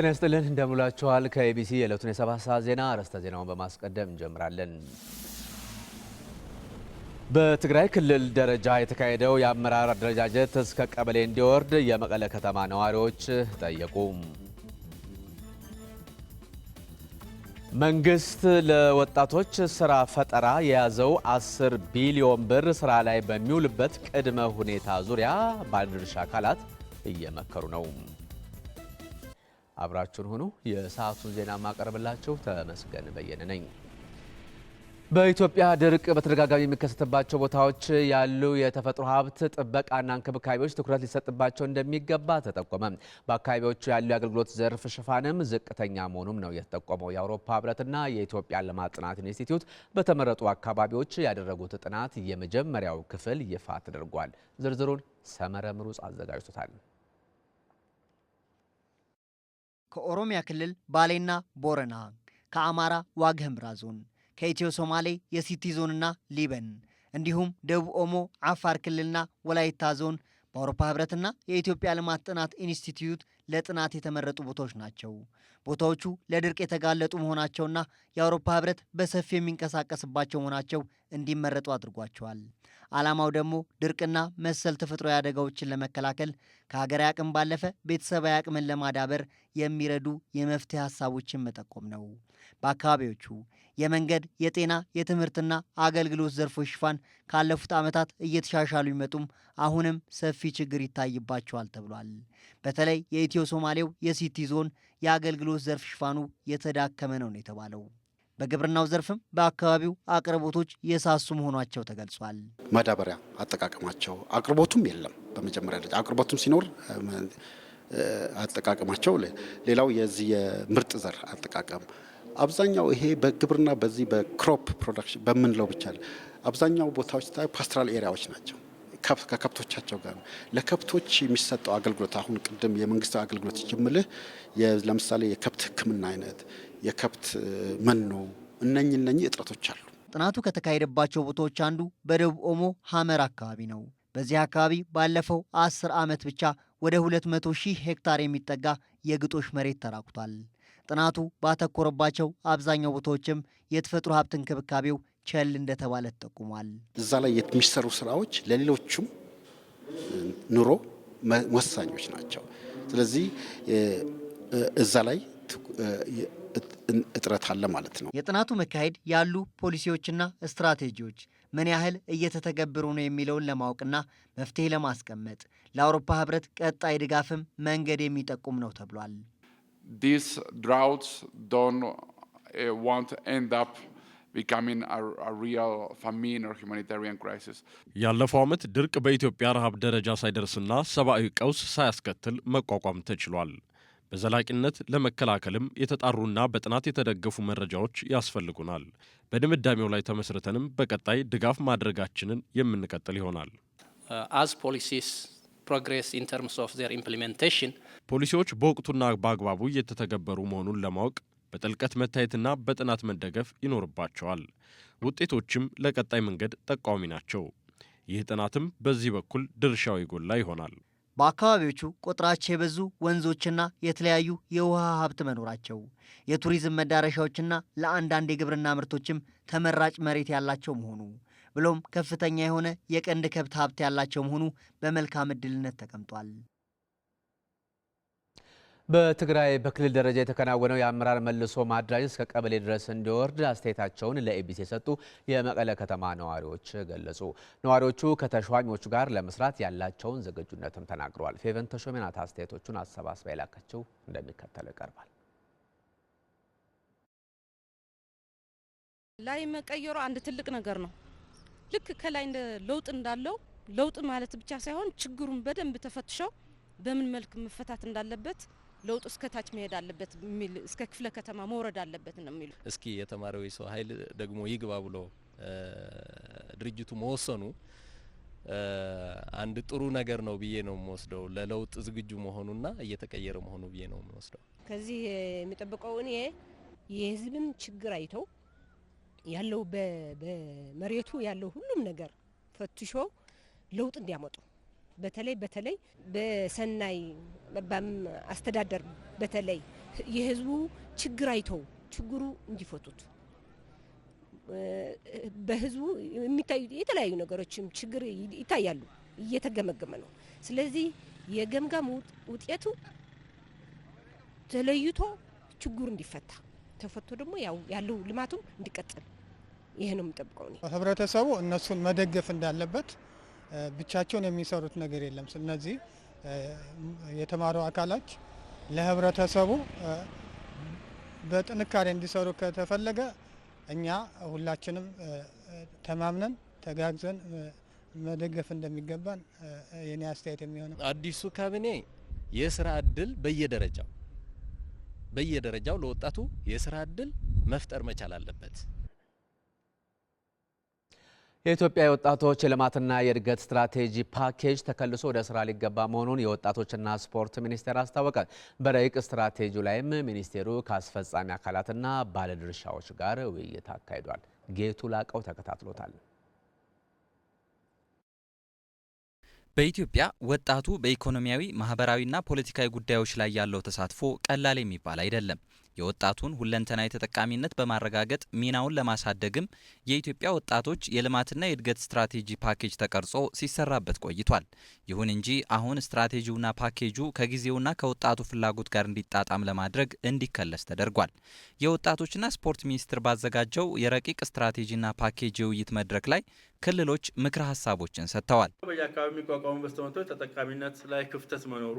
ጤና ይስጥልን እንደምላችኋል። ከኤቢሲ የዕለቱን የሰባት ሰዓት ዜና አርዕስተ ዜናውን በማስቀደም እንጀምራለን። በትግራይ ክልል ደረጃ የተካሄደው የአመራር አደረጃጀት እስከ ቀበሌ እንዲወርድ የመቀለ ከተማ ነዋሪዎች ጠየቁ። መንግስት ለወጣቶች ስራ ፈጠራ የያዘው 10 ቢሊዮን ብር ስራ ላይ በሚውልበት ቅድመ ሁኔታ ዙሪያ ባለድርሻ አካላት እየመከሩ ነው። አብራችሁን ሆኖ የሰዓቱን ዜና ማቀርብላችሁ ተመስገን በየነ ነኝ። በኢትዮጵያ ድርቅ በተደጋጋሚ የሚከሰትባቸው ቦታዎች ያሉ የተፈጥሮ ሀብት ጥበቃና እንክብካቤዎች ትኩረት ሊሰጥባቸው እንደሚገባ ተጠቆመ። በአካባቢዎቹ ያሉ የአገልግሎት ዘርፍ ሽፋንም ዝቅተኛ መሆኑም ነው የተጠቆመው። የአውሮፓ ህብረትና የኢትዮጵያ ልማት ጥናት ኢንስቲትዩት በተመረጡ አካባቢዎች ያደረጉት ጥናት የመጀመሪያው ክፍል ይፋ ተደርጓል። ዝርዝሩን ሰመረ ምሩጽ አዘጋጅቶታል። ከኦሮሚያ ክልል ባሌና ቦረና፣ ከአማራ ዋግ ኽምራ ዞን፣ ከኢትዮ ሶማሌ የሲቲ ዞንና ሊበን እንዲሁም ደቡብ ኦሞ፣ አፋር ክልልና ወላይታ ዞን በአውሮፓ ህብረትና የኢትዮጵያ ልማት ጥናት ኢንስቲትዩት ለጥናት የተመረጡ ቦታዎች ናቸው። ቦታዎቹ ለድርቅ የተጋለጡ መሆናቸውና የአውሮፓ ህብረት በሰፊው የሚንቀሳቀስባቸው መሆናቸው እንዲመረጡ አድርጓቸዋል። ዓላማው ደግሞ ድርቅና መሰል ተፈጥሯዊ አደጋዎችን ለመከላከል ከሀገራዊ አቅም ባለፈ ቤተሰባዊ አቅምን ለማዳበር የሚረዱ የመፍትሄ ሀሳቦችን መጠቆም ነው። በአካባቢዎቹ የመንገድ፣ የጤና፣ የትምህርትና አገልግሎት ዘርፎች ሽፋን ካለፉት ዓመታት እየተሻሻሉ ቢመጡም አሁንም ሰፊ ችግር ይታይባቸዋል ተብሏል። በተለይ የኢትዮ ሶማሌው የሲቲ ዞን የአገልግሎት ዘርፍ ሽፋኑ የተዳከመ ነው ነው የተባለው። በግብርናው ዘርፍም በአካባቢው አቅርቦቶች የሳሱ መሆናቸው ተገልጿል። ማዳበሪያ አጠቃቀማቸው አቅርቦቱም የለም። በመጀመሪያ ደረጃ አቅርቦቱም ሲኖር አጠቃቀማቸው፣ ሌላው የዚህ የምርጥ ዘር አጠቃቀም አብዛኛው ይሄ በግብርና በዚህ በክሮፕ ፕሮዳክሽን በምንለው ብቻ አብዛኛው ቦታዎች ስታይ ፓስትራል ኤሪያዎች ናቸው። ከከብቶቻቸው ጋር ለከብቶች የሚሰጠው አገልግሎት አሁን ቅድም የመንግስት አገልግሎት ጅምልህ ለምሳሌ የከብት ሕክምና አይነት የከብት መኖ እነኝ እነኝ እጥረቶች አሉ። ጥናቱ ከተካሄደባቸው ቦታዎች አንዱ በደቡብ ኦሞ ሀመር አካባቢ ነው። በዚህ አካባቢ ባለፈው አስር ዓመት ብቻ ወደ 200 ሺህ ሄክታር የሚጠጋ የግጦሽ መሬት ተራቁቷል። ጥናቱ ባተኮረባቸው አብዛኛው ቦታዎችም የተፈጥሮ ሀብት እንክብካቤው ቸል እንደተባለ ተጠቁሟል። እዛ ላይ የሚሰሩ ስራዎች ለሌሎቹም ኑሮ ወሳኞች ናቸው። ስለዚህ እዛ ላይ እጥረት አለ ማለት ነው። የጥናቱ መካሄድ ያሉ ፖሊሲዎችና ስትራቴጂዎች ምን ያህል እየተተገበሩ ነው የሚለውን ለማወቅና መፍትሄ ለማስቀመጥ ለአውሮፓ ህብረት ቀጣይ ድጋፍም መንገድ የሚጠቁም ነው ተብሏል። ያለፈው ዓመት ድርቅ በኢትዮጵያ ረሃብ ደረጃ ሳይደርስና ሰብአዊ ቀውስ ሳያስከትል መቋቋም ተችሏል። በዘላቂነት ለመከላከልም የተጣሩና በጥናት የተደገፉ መረጃዎች ያስፈልጉናል። በድምዳሜው ላይ ተመስርተንም በቀጣይ ድጋፍ ማድረጋችንን የምንቀጥል ይሆናል። አዝ ፖሊሲስ ፕሮግሬስ ኢን ተርምስ ኦፍ ዘር ኢምፕሊሜንቴሽን ፖሊሲዎች በወቅቱና በአግባቡ እየተተገበሩ መሆኑን ለማወቅ በጥልቀት መታየትና በጥናት መደገፍ ይኖርባቸዋል። ውጤቶችም ለቀጣይ መንገድ ጠቋሚ ናቸው። ይህ ጥናትም በዚህ በኩል ድርሻው የጎላ ይሆናል። በአካባቢዎቹ ቁጥራቸው የበዙ ወንዞችና የተለያዩ የውሃ ሀብት መኖራቸው የቱሪዝም መዳረሻዎችና ለአንዳንድ የግብርና ምርቶችም ተመራጭ መሬት ያላቸው መሆኑ ብሎም ከፍተኛ የሆነ የቀንድ ከብት ሀብት ያላቸው መሆኑ በመልካም ዕድልነት ተቀምጧል። በትግራይ በክልል ደረጃ የተከናወነው የአመራር መልሶ ማደራጀት እስከ ቀበሌ ድረስ እንዲወርድ አስተያየታቸውን ለኤቢሲ የሰጡ የመቀለ ከተማ ነዋሪዎች ገለጹ። ነዋሪዎቹ ከተሿሚዎቹ ጋር ለመስራት ያላቸውን ዝግጁነትም ተናግረዋል። ፌቨን ተሾሜ አስተያየቶቹን አሰባስባ የላከችው፣ እንደሚከተለው ይቀርባል። ላይ መቀየሩ አንድ ትልቅ ነገር ነው። ልክ ከላይ ለውጥ እንዳለው ለውጥ ማለት ብቻ ሳይሆን ችግሩን በደንብ ተፈትሸው በምን መልክ መፈታት እንዳለበት ለውጡ እስከ ታች መሄድ አለበት የሚል እስከ ክፍለ ከተማ መውረድ አለበት ነው የሚሉ። እስኪ የተማሪው ሰው ኃይል ደግሞ ይግባ ብሎ ድርጅቱ መወሰኑ አንድ ጥሩ ነገር ነው ብዬ ነው የምወስደው። ለለውጥ ዝግጁ መሆኑና እየተቀየረ መሆኑ ብዬ ነው የምወስደው። ከዚህ የሚጠብቀው እኔ የህዝብን ችግር አይተው ያለው በመሬቱ ያለው ሁሉም ነገር ፈትሾ ለውጥ እንዲያመጡ በተለይ በተለይ በሰናይ አስተዳደር በተለይ የህዝቡ ችግር አይተው ችግሩ እንዲፈቱት በህዝቡ የሚታዩ የተለያዩ ነገሮችም ችግር ይታያሉ፣ እየተገመገመ ነው። ስለዚህ የገምጋም ውጤቱ ተለይቶ ችግሩ እንዲፈታ ተፈቶ ደግሞ ያው ያለው ልማቱም እንዲቀጥል ይህ ነው የምጠብቀው። ህብረተሰቡ እነሱን መደገፍ እንዳለበት ብቻቸውን የሚሰሩት ነገር የለም። እነዚህ የተማሩ አካላች ለህብረተሰቡ በጥንካሬ እንዲሰሩ ከተፈለገ እኛ ሁላችንም ተማምነን ተጋግዘን መደገፍ እንደሚገባን የኔ አስተያየት የሚሆነው። አዲሱ ካቢኔ የስራ እድል በየደረጃው በየደረጃው ለወጣቱ የስራ እድል መፍጠር መቻል አለበት። የኢትዮጵያ የወጣቶች የልማትና የእድገት ስትራቴጂ ፓኬጅ ተከልሶ ወደ ስራ ሊገባ መሆኑን የወጣቶችና ስፖርት ሚኒስቴር አስታወቀ። በረቂቅ ስትራቴጂው ላይም ሚኒስቴሩ ከአስፈጻሚ አካላትና ባለድርሻዎች ጋር ውይይት አካሂዷል። ጌቱ ላቀው ተከታትሎታል። በኢትዮጵያ ወጣቱ በኢኮኖሚያዊ ማህበራዊና ፖለቲካዊ ጉዳዮች ላይ ያለው ተሳትፎ ቀላል የሚባል አይደለም። የወጣቱን ሁለንተናዊ ተጠቃሚነት በማረጋገጥ ሚናውን ለማሳደግም የኢትዮጵያ ወጣቶች የልማትና የእድገት ስትራቴጂ ፓኬጅ ተቀርጾ ሲሰራበት ቆይቷል። ይሁን እንጂ አሁን ስትራቴጂውና ፓኬጁ ከጊዜውና ከወጣቱ ፍላጎት ጋር እንዲጣጣም ለማድረግ እንዲከለስ ተደርጓል። የወጣቶችና ስፖርት ሚኒስቴር ባዘጋጀው የረቂቅ ስትራቴጂና ፓኬጅ የውይይት መድረክ ላይ ክልሎች ምክረ ሀሳቦችን ሰጥተዋል። በየአካባቢ የሚቋቋሙ በስተመቶች ተጠቃሚነት ላይ ክፍተት መኖሩ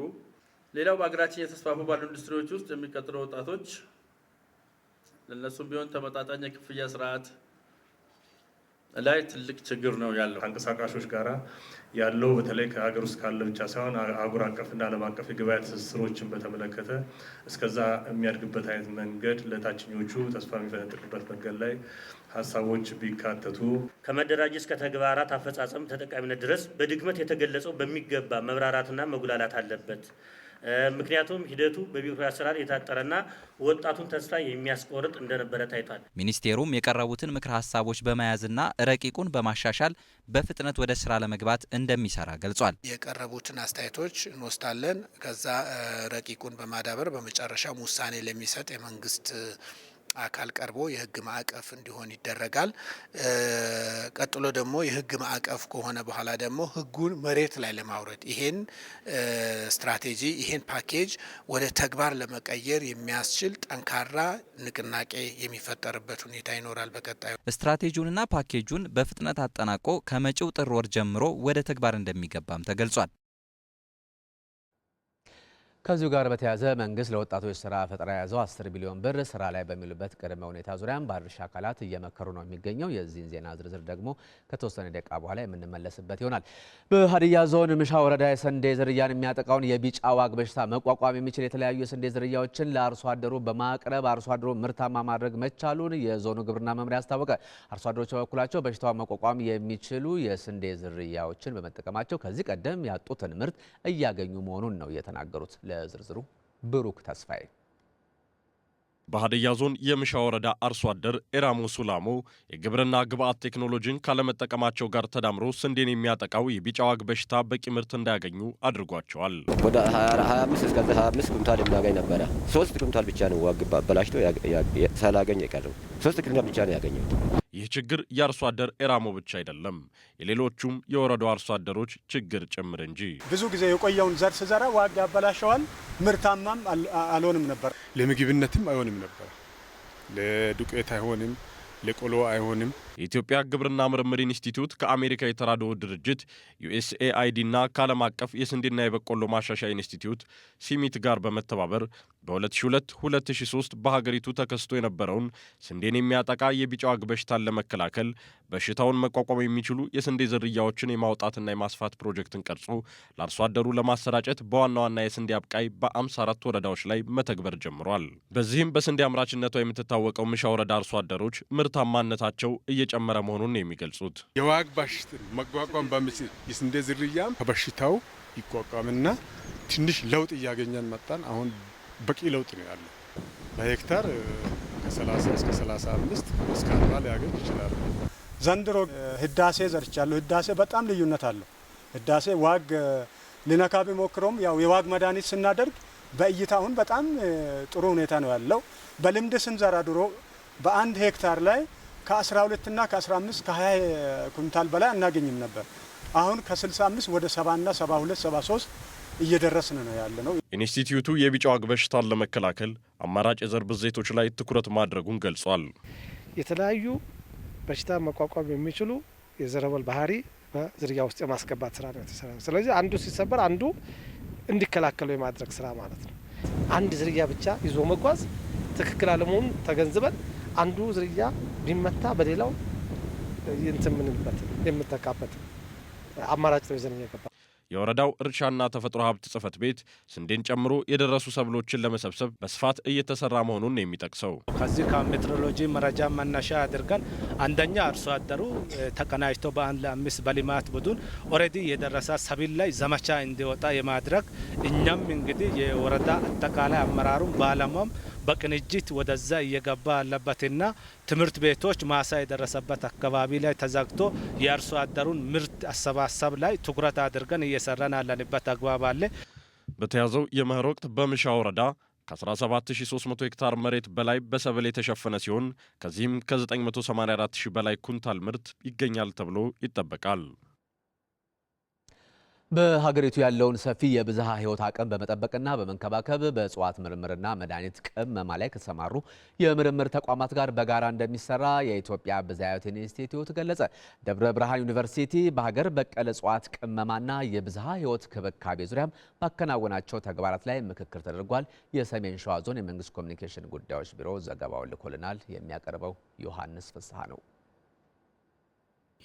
ሌላው በሀገራችን የተስፋፉ ባሉ ኢንዱስትሪዎች ውስጥ የሚቀጥሩ ወጣቶች ለእነሱም ቢሆን ተመጣጣኝ የክፍያ ስርዓት ላይ ትልቅ ችግር ነው ያለው። ተንቀሳቃሾች ጋራ ያለው በተለይ ከሀገር ውስጥ ካለ ብቻ ሳይሆን አህጉር አቀፍና ዓለም አቀፍ የገበያ ትስስሮችን በተመለከተ እስከዛ የሚያድግበት አይነት መንገድ ለታችኞቹ ተስፋ የሚፈነጥቅበት መንገድ ላይ ሀሳቦች ቢካተቱ ከመደራጀት እስከ ተግባራት አፈጻጸም ተጠቃሚነት ድረስ በድግመት የተገለጸው በሚገባ መብራራትና መጉላላት አለበት። ምክንያቱም ሂደቱ በቢሮ አሰራር የታጠረና ወጣቱን ተስፋ የሚያስቆርጥ እንደነበረ ታይቷል። ሚኒስቴሩም የቀረቡትን ምክር ሀሳቦች በመያዝና ረቂቁን በማሻሻል በፍጥነት ወደ ስራ ለመግባት እንደሚሰራ ገልጿል። የቀረቡትን አስተያየቶች እንወስዳለን። ከዛ ረቂቁን በማዳበር በመጨረሻም ውሳኔ ለሚሰጥ የመንግስት አካል ቀርቦ የህግ ማዕቀፍ እንዲሆን ይደረጋል። ቀጥሎ ደግሞ የህግ ማዕቀፍ ከሆነ በኋላ ደግሞ ህጉን መሬት ላይ ለማውረድ ይሄን ስትራቴጂ ይሄን ፓኬጅ ወደ ተግባር ለመቀየር የሚያስችል ጠንካራ ንቅናቄ የሚፈጠርበት ሁኔታ ይኖራል። በቀጣዩ ስትራቴጂውንና ፓኬጁን በፍጥነት አጠናቆ ከመጪው ጥር ወር ጀምሮ ወደ ተግባር እንደሚገባም ተገልጿል። ከዚሁ ጋር በተያያዘ መንግስት ለወጣቶች ስራ ፈጠራ የያዘው 10 ቢሊዮን ብር ስራ ላይ በሚሉበት ቅድመ ሁኔታ ዙሪያም ባለድርሻ አካላት እየመከሩ ነው የሚገኘው። የዚህን ዜና ዝርዝር ደግሞ ከተወሰነ ደቂቃ በኋላ የምንመለስበት ይሆናል። በሀዲያ ዞን ምሻ ወረዳ የስንዴ ዝርያን የሚያጠቃውን የቢጫ ዋግ በሽታ መቋቋም የሚችል የተለያዩ የስንዴ ዝርያዎችን ለአርሶ አደሩ በማቅረብ አርሶ አደሩ ምርታማ ማድረግ መቻሉን የዞኑ ግብርና መምሪያ አስታወቀ። አርሶ አደሮች በበኩላቸው በሽታውን መቋቋም የሚችሉ የስንዴ ዝርያዎችን በመጠቀማቸው ከዚህ ቀደም ያጡትን ምርት እያገኙ መሆኑን ነው የተናገሩት። ለዝርዝሩ ብሩክ ተስፋዬ በሀዲያ ዞን የምሻ ወረዳ አርሶ አደር ኤራሞ ሱላሞ የግብርና ግብዓት ቴክኖሎጂን ካለመጠቀማቸው ጋር ተዳምሮ ስንዴን የሚያጠቃው የቢጫ ዋግ በሽታ በቂ ምርት እንዳያገኙ አድርጓቸዋል። ወደ 25 እስከ 25 ኩንታል የምናገኝ ነበረ። ሶስት ኩንታል ብቻ ነው ዋግ በላሽቶ ሳላገኝ የቀረው ሶስት ኩንታል ብቻ ነው ያገኘው። ይህ ችግር የአርሶ አደር ኤራሞ ብቻ አይደለም፣ የሌሎቹም የወረዳው አርሶ አደሮች ችግር ጭምር እንጂ። ብዙ ጊዜ የቆየውን ዘር ስዘራ ዋጋ ያበላሸዋል፣ ምርታማም አልሆንም ነበር፣ ለምግብነትም አይሆንም ነበር፣ ለዱቄት አይሆንም ለቆሎ አይሆንም። የኢትዮጵያ ግብርና ምርምር ኢንስቲትዩት ከአሜሪካ የተራድኦ ድርጅት ዩኤስኤአይዲ እና ከዓለም አቀፍ የስንዴና የበቆሎ ማሻሻያ ኢንስቲትዩት ሲሚት ጋር በመተባበር በ2002 2003 በሀገሪቱ ተከስቶ የነበረውን ስንዴን የሚያጠቃ የቢጫ ዋግ በሽታን ለመከላከል በሽታውን መቋቋም የሚችሉ የስንዴ ዝርያዎችን የማውጣትና የማስፋት ፕሮጀክትን ቀርጾ ለአርሶ አደሩ ለማሰራጨት በዋና ዋና የስንዴ አብቃይ በ አራት ወረዳዎች ላይ መተግበር ጀምሯል። በዚህም በስንዴ አምራችነቷ የምትታወቀው ምሻ ወረዳ አርሶ አደሮች ምርታማነታቸው እየጨመረ መሆኑን የሚገልጹት የዋግ በሽታን መቋቋም በሚችል የስንዴ ዝርያም ከበሽታው ይቋቋምና ትንሽ ለውጥ እያገኘን መጣን አሁን በቂ ለውጥ ነው ያለው። በሄክታር ከ30 እስከ 35 እስከ 40 ሊያገኝ ይችላል። ዘንድሮ ህዳሴ ዘርቻለሁ። ህዳሴ በጣም ልዩነት አለው። ህዳሴ ዋግ ሊነካ ቢሞክረውም ያው የዋግ መድኃኒት ስናደርግ በእይታ አሁን በጣም ጥሩ ሁኔታ ነው ያለው። በልምድ ስንዘራ ድሮ በአንድ ሄክታር ላይ ከ12 እና ከ15 ከ20 ኩንታል በላይ አናገኝም ነበር። አሁን ከ65 ወደ 70 እና 72 73 እየደረስን ነው ያለ ነው። ኢንስቲትዩቱ የቢጫ ዋግ በሽታን ለመከላከል አማራጭ የዘር ብዜቶች ላይ ትኩረት ማድረጉን ገልጿል። የተለያዩ በሽታ መቋቋም የሚችሉ የዘረበል ባህሪ በዝርያ ውስጥ የማስገባት ስራ ነው የተሰራ። ስለዚህ አንዱ ሲሰበር አንዱ እንዲከላከለው የማድረግ ስራ ማለት ነው። አንድ ዝርያ ብቻ ይዞ መጓዝ ትክክል አለመሆኑን ተገንዝበን አንዱ ዝርያ ቢመታ በሌላው እንትን ምንልበት የምተካበት አማራጭ ነው ይዘን እየገባ የወረዳው እርሻና ተፈጥሮ ሀብት ጽፈት ቤት ስንዴን ጨምሮ የደረሱ ሰብሎችን ለመሰብሰብ በስፋት እየተሰራ መሆኑን የሚጠቅሰው ከዚህ ከሜትሮሎጂ መረጃ መነሻ አድርገን አንደኛ አርሶ አደሩ ተቀናጅቶ በአንድ ለአምስት በልማት ቡድን ኦልሬዲ የደረሰ ሰብል ላይ ዘመቻ እንዲወጣ የማድረግ እኛም እንግዲህ የወረዳ አጠቃላይ አመራሩም ባለሙያም በቅንጅት ወደዛ እየገባ ያለበትና ትምህርት ቤቶች ማሳ የደረሰበት አካባቢ ላይ ተዘግቶ የአርሶ አደሩን ምርት አሰባሰብ ላይ ትኩረት አድርገን እየሰራን ያለንበት አግባብ አለ። በተያዘው የመኸር ወቅት በምሻ ወረዳ ከ17300 ሄክታር መሬት በላይ በሰብል የተሸፈነ ሲሆን ከዚህም ከ984000 በላይ ኩንታል ምርት ይገኛል ተብሎ ይጠበቃል። በሀገሪቱ ያለውን ሰፊ የብዝሃ ህይወት አቅም በመጠበቅና በመንከባከብ በእጽዋት ምርምርና መድኃኒት ቅመማ ላይ ከተሰማሩ የምርምር ተቋማት ጋር በጋራ እንደሚሰራ የኢትዮጵያ ብዝሃ ኢንስቲትዩት ገለጸ። ደብረ ብርሃን ዩኒቨርሲቲ በሀገር በቀል እጽዋት ቅመማና የብዝሃ ህይወት ክብካቤ ዙሪያም ባከናወናቸው ተግባራት ላይ ምክክር ተደርጓል። የሰሜን ሸዋ ዞን የመንግስት ኮሚኒኬሽን ጉዳዮች ቢሮ ዘገባውን ልኮልናል። የሚያቀርበው ዮሐንስ ፍስሐ ነው።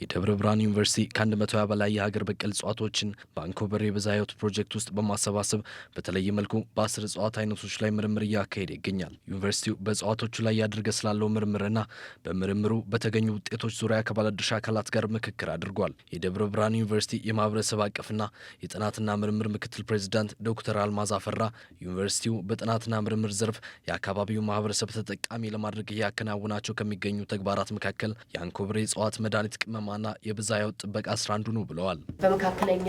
የደብረ ብርሃን ዩኒቨርሲቲ ከ120 በላይ የሀገር በቀል እጽዋቶችን በአንኮበር የብዝሃ ሕይወት ፕሮጀክት ውስጥ በማሰባሰብ በተለየ መልኩ በአስር እጽዋት አይነቶች ላይ ምርምር እያካሄደ ይገኛል። ዩኒቨርሲቲው በእጽዋቶቹ ላይ እያደረገ ስላለው ምርምርና በምርምሩ በተገኙ ውጤቶች ዙሪያ ከባለድርሻ አካላት ጋር ምክክር አድርጓል። የደብረ ብርሃን ዩኒቨርሲቲ የማህበረሰብ አቀፍና የጥናትና ምርምር ምክትል ፕሬዚዳንት ዶክተር አልማዝ አፈራ ዩኒቨርሲቲው በጥናትና ምርምር ዘርፍ የአካባቢው ማህበረሰብ ተጠቃሚ ለማድረግ እያከናወናቸው ከሚገኙ ተግባራት መካከል የአንኮበሬ እጽዋት መድኃኒት ቅመማ ዓላማና የብዝሃ ሕይወት ጥበቃ ስራ አንዱ ነው ብለዋል። በመካከለኛ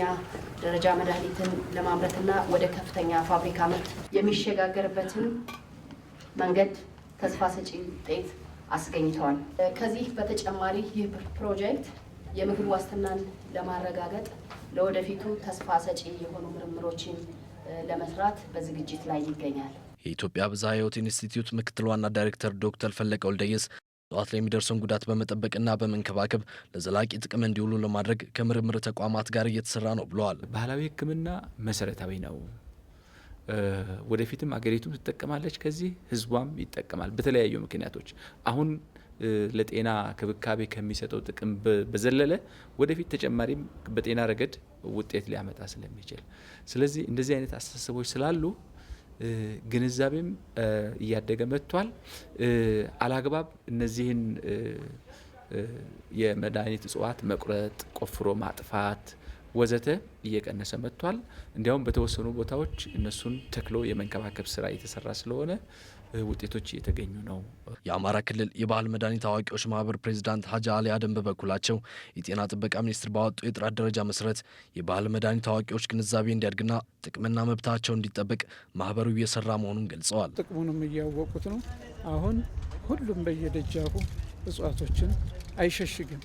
ደረጃ መድኃኒትን ለማምረትና ወደ ከፍተኛ ፋብሪካ ምርት የሚሸጋገርበትን መንገድ ተስፋ ሰጪ ውጤት አስገኝተዋል። ከዚህ በተጨማሪ ይህ ፕሮጀክት የምግብ ዋስትናን ለማረጋገጥ ለወደፊቱ ተስፋ ሰጪ የሆኑ ምርምሮችን ለመስራት በዝግጅት ላይ ይገኛል። የኢትዮጵያ ብዝሃ ሕይወት ኢንስቲትዩት ምክትል ዋና ዳይሬክተር ዶክተር ፈለቀ ወልደየስ እጽዋት ላይ የሚደርሰውን ጉዳት በመጠበቅና በመንከባከብ ለዘላቂ ጥቅም እንዲውሉ ለማድረግ ከምርምር ተቋማት ጋር እየተሰራ ነው ብለዋል። ባህላዊ ሕክምና መሰረታዊ ነው። ወደፊትም አገሪቱም ትጠቀማለች፣ ከዚህ ህዝቧም ይጠቀማል። በተለያዩ ምክንያቶች አሁን ለጤና ክብካቤ ከሚሰጠው ጥቅም በዘለለ ወደፊት ተጨማሪም በጤና ረገድ ውጤት ሊያመጣ ስለሚችል ስለዚህ እንደዚህ አይነት አስተሳሰቦች ስላሉ ግንዛቤም እያደገ መጥቷል። አላግባብ እነዚህን የመድኃኒት እጽዋት መቁረጥ፣ ቆፍሮ ማጥፋት ወዘተ እየቀነሰ መጥቷል። እንዲያውም በተወሰኑ ቦታዎች እነሱን ተክሎ የመንከባከብ ስራ እየተሰራ ስለሆነ ውጤቶች እየተገኙ ነው። የአማራ ክልል የባህል መድኃኒት አዋቂዎች ማህበር ፕሬዚዳንት ሀጃ አሊ አደም በበኩላቸው የጤና ጥበቃ ሚኒስቴር ባወጡ የጥራት ደረጃ መሰረት የባህል መድኃኒት አዋቂዎች ግንዛቤ እንዲያድግና ጥቅምና መብታቸው እንዲጠበቅ ማህበሩ እየሰራ መሆኑን ገልጸዋል። ጥቅሙንም እያወቁት ነው። አሁን ሁሉም በየደጃፉ እጽዋቶችን አይሸሽግም።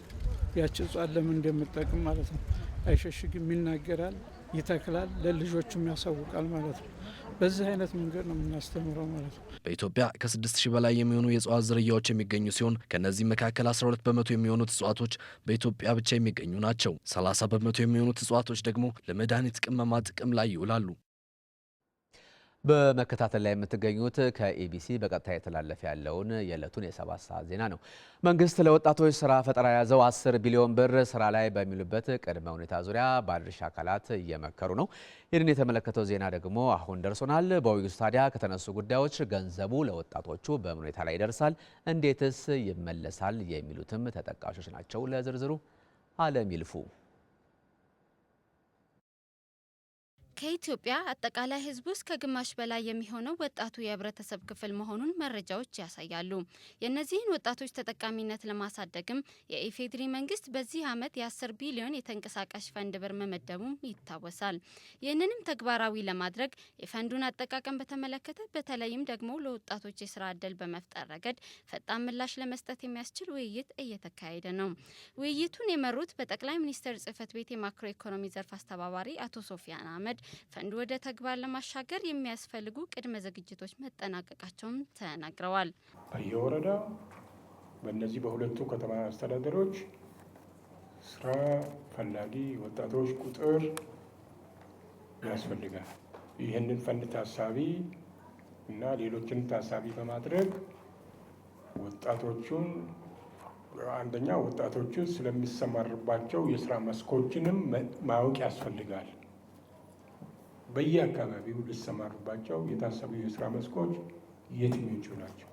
ያች እጽዋት ለምን እንደምጠቅም ማለት ነው አይሸሽግም፣ ይናገራል፣ ይተክላል፣ ለልጆቹም ያሳውቃል ማለት ነው። በዚህ አይነት መንገድ ነው የምናስተምረው ማለት ነው። በኢትዮጵያ ከስድስት ሺህ በላይ የሚሆኑ የእጽዋት ዝርያዎች የሚገኙ ሲሆን ከእነዚህ መካከል 12 በመቶ የሚሆኑት እጽዋቶች በኢትዮጵያ ብቻ የሚገኙ ናቸው። 30 በመቶ የሚሆኑት እጽዋቶች ደግሞ ለመድኃኒት ቅመማ ጥቅም ላይ ይውላሉ። በመከታተል ላይ የምትገኙት ከኢቢሲ በቀጥታ የተላለፈ ያለውን የዕለቱን የሰባት ሰዓት ዜና ነው። መንግስት ለወጣቶች ስራ ፈጠራ የያዘው 10 ቢሊዮን ብር ስራ ላይ በሚሉበት ቅድመ ሁኔታ ዙሪያ ባለድርሻ አካላት እየመከሩ ነው። ይህንን የተመለከተው ዜና ደግሞ አሁን ደርሶናል። በውይይቱ ታዲያ ከተነሱ ጉዳዮች ገንዘቡ ለወጣቶቹ በምን ሁኔታ ላይ ይደርሳል፣ እንዴትስ ይመለሳል የሚሉትም ተጠቃሾች ናቸው። ለዝርዝሩ አለም ይልፉ ከኢትዮጵያ አጠቃላይ ሕዝብ ውስጥ ከግማሽ በላይ የሚሆነው ወጣቱ የህብረተሰብ ክፍል መሆኑን መረጃዎች ያሳያሉ። የእነዚህን ወጣቶች ተጠቃሚነት ለማሳደግም የኢፌድሪ መንግስት በዚህ ዓመት የ10 ቢሊዮን የተንቀሳቃሽ ፈንድ ብር መመደቡም ይታወሳል። ይህንንም ተግባራዊ ለማድረግ የፈንዱን አጠቃቀም በተመለከተ በተለይም ደግሞ ለወጣቶች የስራ እድል በመፍጠር ረገድ ፈጣን ምላሽ ለመስጠት የሚያስችል ውይይት እየተካሄደ ነው። ውይይቱን የመሩት በጠቅላይ ሚኒስትር ጽህፈት ቤት የማክሮ ኢኮኖሚ ዘርፍ አስተባባሪ አቶ ሶፊያን አህመድ ፈንድ ወደ ተግባር ለማሻገር የሚያስፈልጉ ቅድመ ዝግጅቶች መጠናቀቃቸውን ተናግረዋል። በየወረዳ በእነዚህ በሁለቱ ከተማ አስተዳደሮች ስራ ፈላጊ ወጣቶች ቁጥር ያስፈልጋል። ይህንን ፈንድ ታሳቢ እና ሌሎችን ታሳቢ በማድረግ ወጣቶቹን አንደኛ ወጣቶቹ ስለሚሰማርባቸው የስራ መስኮችንም ማወቅ ያስፈልጋል። በየአካባቢው ሊሰማሩባቸው የታሰቡ የስራ መስኮች የትኞቹ ናቸው፣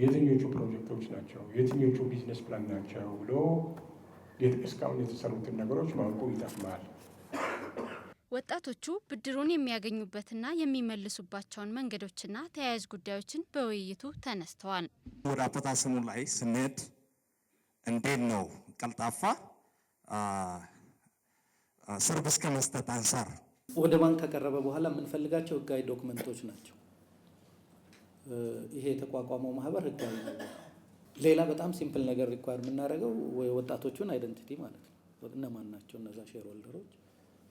የትኞቹ ፕሮጀክቶች ናቸው፣ የትኞቹ ቢዝነስ ፕላን ናቸው ብሎ እስካሁን የተሰሩትን ነገሮች ማወቁ ይጠቅማል። ወጣቶቹ ብድሩን የሚያገኙበትና የሚመልሱባቸውን መንገዶችና ተያያዥ ጉዳዮችን በውይይቱ ተነስተዋል። ወደ አፈጻጸሙ ላይ ስንሄድ እንዴት ነው ቀልጣፋ ሰርቪስ ከመስጠት አንጻር ወደ ባንክ ከቀረበ በኋላ የምንፈልጋቸው ህጋዊ ዶክመንቶች ናቸው። ይሄ የተቋቋመው ማህበር ህጋዊ ነው። ሌላ በጣም ሲምፕል ነገር ሪኳየር የምናደርገው ወጣቶቹን አይደንቲቲ ማለት ነው። እነማን ናቸው እነዛ ሼር ሆልደሮች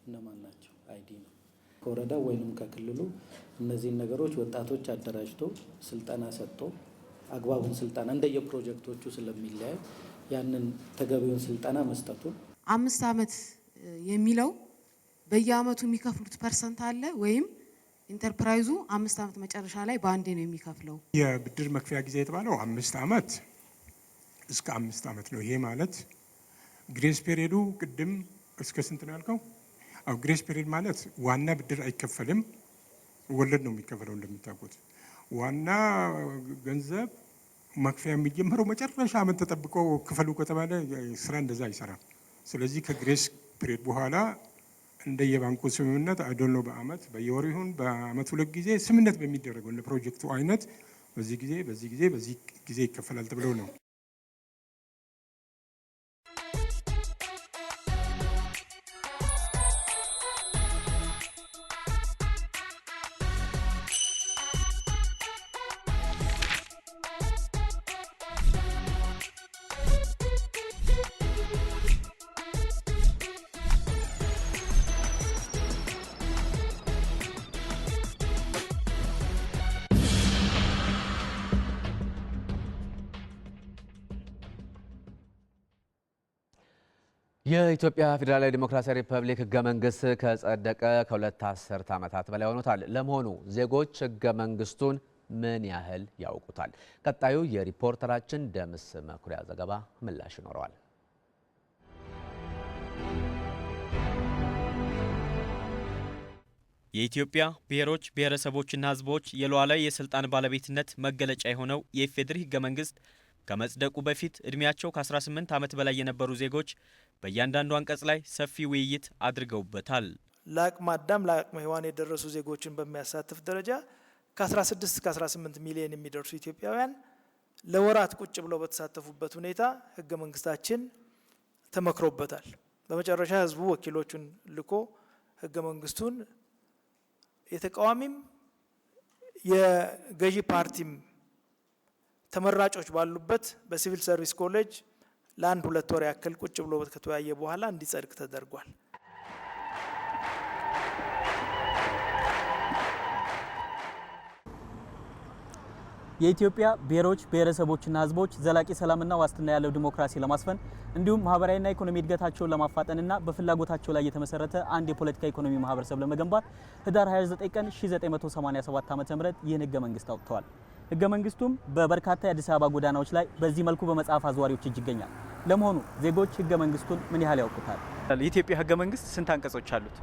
እነማን ናቸው? አይዲ ነው። ከወረዳ ወይንም ከክልሉ እነዚህን ነገሮች ወጣቶች አደራጅቶ ስልጠና ሰጥቶ አግባቡን ስልጠና እንደየፕሮጀክቶቹ ስለሚለያይ ያንን ተገቢውን ስልጠና መስጠቱን አምስት ዓመት የሚለው በየአመቱ የሚከፍሉት ፐርሰንት አለ ወይም ኢንተርፕራይዙ አምስት አመት መጨረሻ ላይ በአንዴ ነው የሚከፍለው። የብድር መክፈያ ጊዜ የተባለው አምስት አመት እስከ አምስት አመት ነው። ይሄ ማለት ግሬስ ፔሪዱ ቅድም እስከ ስንት ነው ያልከው? አው ግሬስ ፔሪድ ማለት ዋና ብድር አይከፈልም፣ ወለድ ነው የሚከፈለው። እንደምታውቁት ዋና ገንዘብ መክፈያ የሚጀምረው መጨረሻ አመት ተጠብቆ ክፈሉ ከተባለ ስራ እንደዛ አይሰራም። ስለዚህ ከግሬስ ፔሪድ በኋላ እንደየባንኩ ስምምነት አይዶኖ በአመት በየወሩ ይሁን በአመት ሁለት ጊዜ ስምምነት በሚደረገው ለፕሮጀክቱ አይነት በዚህ ጊዜ በዚህ ጊዜ በዚህ ጊዜ ይከፈላል ተብለው ነው። የኢትዮጵያ ፌዴራላዊ ዴሞክራሲያዊ ሪፐብሊክ ህገ መንግስት ከጸደቀ ከሁለት አስርት ዓመታት በላይ ሆኖታል። ለመሆኑ ዜጎች ህገ መንግስቱን ምን ያህል ያውቁታል? ቀጣዩ የሪፖርተራችን ደምስ መኩሪያ ዘገባ ምላሽ ይኖረዋል። የኢትዮጵያ ብሔሮች ብሔረሰቦችና ህዝቦች የሉዓላዊ የስልጣን ባለቤትነት መገለጫ የሆነው የኢፌዴሪ ህገ መንግስት ከመጽደቁ በፊት ዕድሜያቸው ከ18 ዓመት በላይ የነበሩ ዜጎች በእያንዳንዱ አንቀጽ ላይ ሰፊ ውይይት አድርገውበታል። ለአቅመ አዳም ለአቅመ ሔዋን የደረሱ ዜጎችን በሚያሳትፍ ደረጃ ከ16 እስከ 18 ሚሊዮን የሚደርሱ ኢትዮጵያውያን ለወራት ቁጭ ብለው በተሳተፉበት ሁኔታ ህገ መንግስታችን ተመክሮበታል። በመጨረሻ ህዝቡ ወኪሎቹን ልኮ ህገ መንግስቱን የተቃዋሚም የገዢ ፓርቲም ተመራጮች ባሉበት በሲቪል ሰርቪስ ኮሌጅ ለአንድ ሁለት ወር ያክል ቁጭ ብሎ ከተወያየ በኋላ እንዲጸድቅ ተደርጓል። የኢትዮጵያ ብሔሮች ብሔረሰቦችና ሕዝቦች ዘላቂ ሰላምና ዋስትና ያለው ዲሞክራሲ ለማስፈን እንዲሁም ማህበራዊና ኢኮኖሚ እድገታቸውን ለማፋጠንና በፍላጎታቸው ላይ የተመሰረተ አንድ የፖለቲካ ኢኮኖሚ ማህበረሰብ ለመገንባት ህዳር 29 ቀን 1987 ም ይህን ህገ መንግስት አውጥተዋል። ህገ መንግስቱም በበርካታ የአዲስ አበባ ጎዳናዎች ላይ በዚህ መልኩ በመጽሐፍ አዘዋሪዎች እጅ ይገኛል። ለመሆኑ ዜጎች ህገ መንግስቱን ምን ያህል ያውቁታል? የኢትዮጵያ ህገ መንግስት ስንት አንቀጾች አሉት?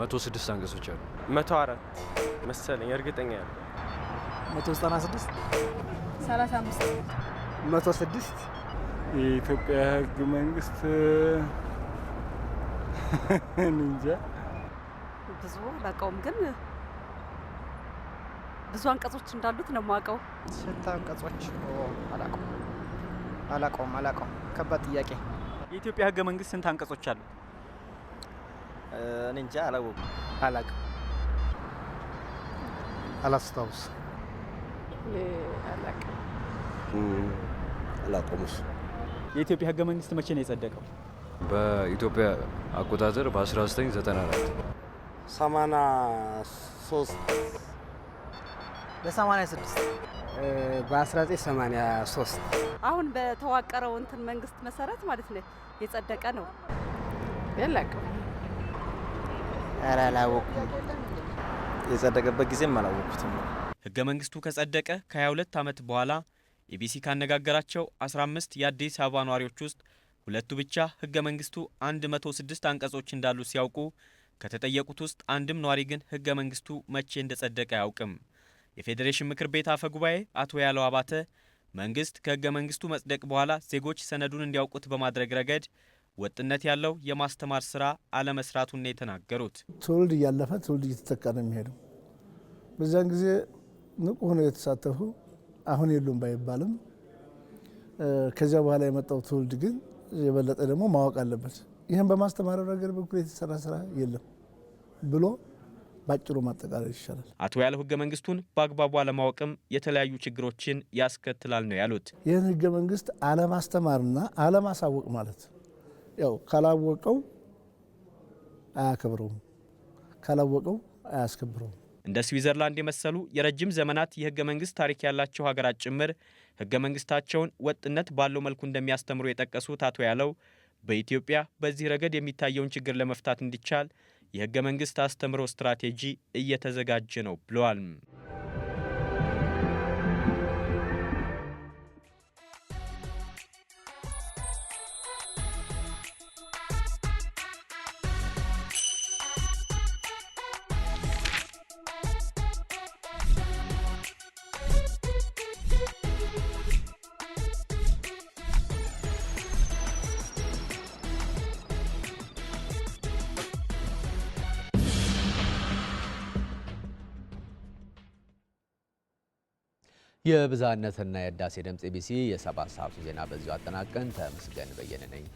መቶ ስድስት አንቀጾች አሉ። መቶ አራት መሰለኝ እርግጠኛ ያለ መቶ ዘጠና ስድስት ሰላሳ አምስት መቶ ስድስት የኢትዮጵያ ህገ መንግስት እንጃ ብዙ አላውቀውም ግን ብዙ አንቀጾች እንዳሉት ነው የማውቀው። ስንት አንቀጾች አላውቀው አላውቀውም አላውቀውም። ከባድ ጥያቄ። የኢትዮጵያ ህገ መንግስት ስንት አንቀጾች አሉት? እኔ እንጃ አላወኩም። አላውቅም። አላስታውስ አላውቀውም። የኢትዮጵያ ህገ መንግስት መቼ ነው የጸደቀው? በኢትዮጵያ አቆጣጠር በ1994 83 በ86 በ1983 አሁን በተዋቀረው እንትን መንግስት መሰረት ማለት ነው የጸደቀ ነው። የላቅም ኧረ የጸደቀበት ጊዜም ህገ መንግስቱ ከጸደቀ ከ22 ዓመት በኋላ ኢቢሲ ካነጋገራቸው 15 የአዲስ አበባ ነዋሪዎች ውስጥ ሁለቱ ብቻ ህገ መንግስቱ 106 አንቀጾች እንዳሉ ሲያውቁ ከተጠየቁት ውስጥ አንድም ነዋሪ ግን ህገ መንግስቱ መቼ እንደጸደቀ አያውቅም። የፌዴሬሽን ምክር ቤት አፈ ጉባኤ አቶ ያለው አባተ መንግስት ከህገ መንግስቱ መጽደቅ በኋላ ዜጎች ሰነዱን እንዲያውቁት በማድረግ ረገድ ወጥነት ያለው የማስተማር ስራ አለመስራቱን ነው የተናገሩት። ትውልድ እያለፈ ትውልድ እየተተካ ነው የሚሄደው። በዚያን ጊዜ ንቁ ሆነው የተሳተፉ አሁን የሉም ባይባልም ከዚያ በኋላ የመጣው ትውልድ ግን የበለጠ ደግሞ ማወቅ አለበት። ይህም በማስተማር ረገድ በኩል የተሰራ ስራ የለም ብሎ ባጭሩ ማጠቃለል ይሻላል። አቶ ያለው ህገ መንግስቱን በአግባቡ አለማወቅም የተለያዩ ችግሮችን ያስከትላል ነው ያሉት። ይህን ህገ መንግስት አለማስተማርና አለማሳወቅ ማለት ያው ካላወቀው አያከብረውም፣ ካላወቀው አያስከብረውም። እንደ ስዊዘርላንድ የመሰሉ የረጅም ዘመናት የህገ መንግስት ታሪክ ያላቸው ሀገራት ጭምር ህገ መንግስታቸውን ወጥነት ባለው መልኩ እንደሚያስተምሩ የጠቀሱት አቶ ያለው በኢትዮጵያ በዚህ ረገድ የሚታየውን ችግር ለመፍታት እንዲቻል የህገ መንግስት አስተምሮ ስትራቴጂ እየተዘጋጀ ነው ብለዋል። የብዛነትና የህዳሴ ድምፅ ኢቢሲ የሰባት ሰዓቱ ዜና በዚሁ አጠናቀን። ተመስገን በየነ ነኝ።